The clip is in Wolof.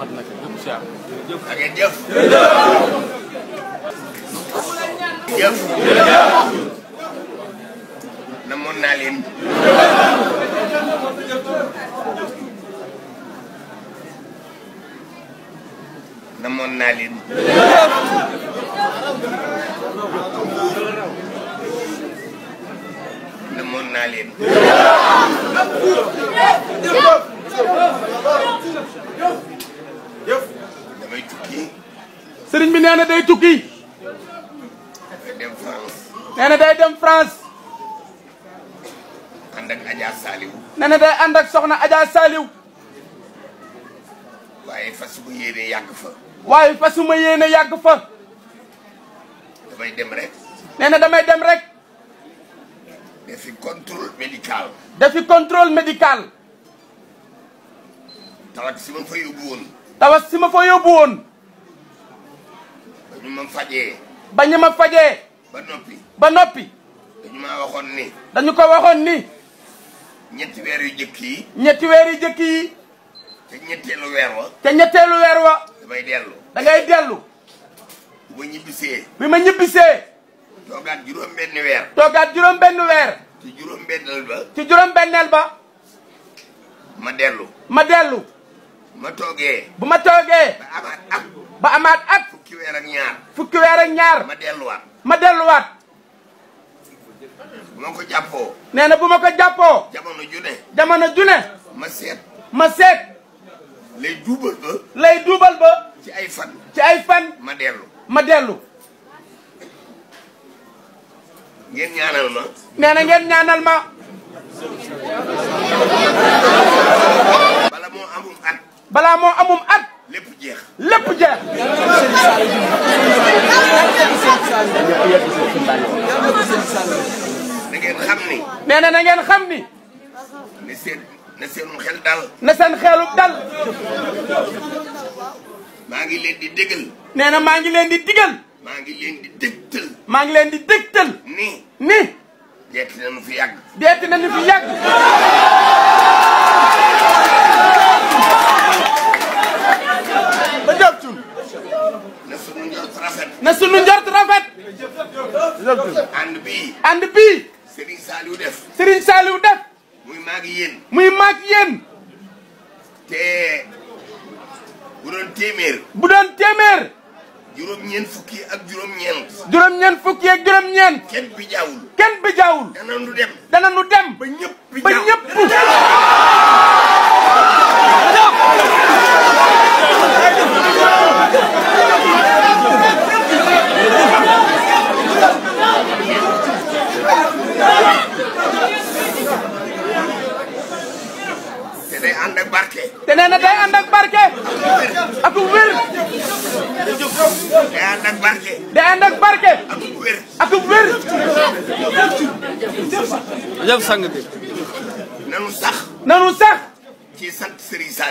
Ahmad Mbacké yëpp si am. jërëjëf da ngeen jëf. jëf. na mën naa leen. na mën naa leen. na mën naa leen. Go! serigne bi neena day tukki. neena day dem France. andak Adja saliw neena day andak soxna Adja waye fasu fasuma yene yag fa. fasu fasuma yene yag fa. damay dem rek. neena damay dem rek. defi contrôle médical. defi contrôle médical. tawax sima fa yobou won tawax sima fa yobou won ba ñu ma fajee. ba ñu ma fajee. ba noppi. ba noppi. dañu ma waxoon ni. dañu ko waxoon ni. ñetti weer yu jëkk yi. ñetti weer yu jëkk yi. te ñetteelu weer wa. te ñetteelu weer wa. damay dellu. da ngay dellu. bi ma ñibbisee. bi ma ñibbisee. toogaat juróom benn weer. toogaat juróom benn weer. ci juróom benneel ba. ci juróom benneel ba. ma dellu. ma dellu. ma toogee. bu ma toogee. ba amaat at. ba amaat at. fukki weer ak ñaar. fukki weer ak ñaar. ma delu wat ma ko jàppoo. nee na bu ma ko jàppoo. jamono ju jamono ju ma seet. ma seet. lay duubal ba. lay ba. ci ay fan. ci ay fan. ma ma ngeen ñaanal ma. ngeen ñaanal ma. bala amum at. amum ñëpp yegg si suñu bànn. na ngeen xam ni. nee na na ngeen xam ni. na seen na seenum xel dal. na seen xelu dal. maa ngi leen di digal. nee na maa ngi leen di digal. maa ngi leen di dégtal. maa ngi leen di dégtal. ni ni. deeti nañu fi yàgg. deeti nañu fi yàgg. dëgg la ànd bi ànd bii. Serigne Saliou def. Serigne Saliou def. muy maag yéen. muy maag yéen. te bu doon téeméer. bu doon téeméer. juróom-ñeent fukki ak juróom-ñeent. juróom-ñeent fukki ak juróom-ñeent. kenn bi kenn bi dana nu dem. ba ñëpp te nee na day ànd ak barke. ak wér. day ànd ak barke. day ànd ak barke. ak wér. ak wér. jërëjëf sang bi. nanu sax. nanu sax. ci sant Serigne Saliou.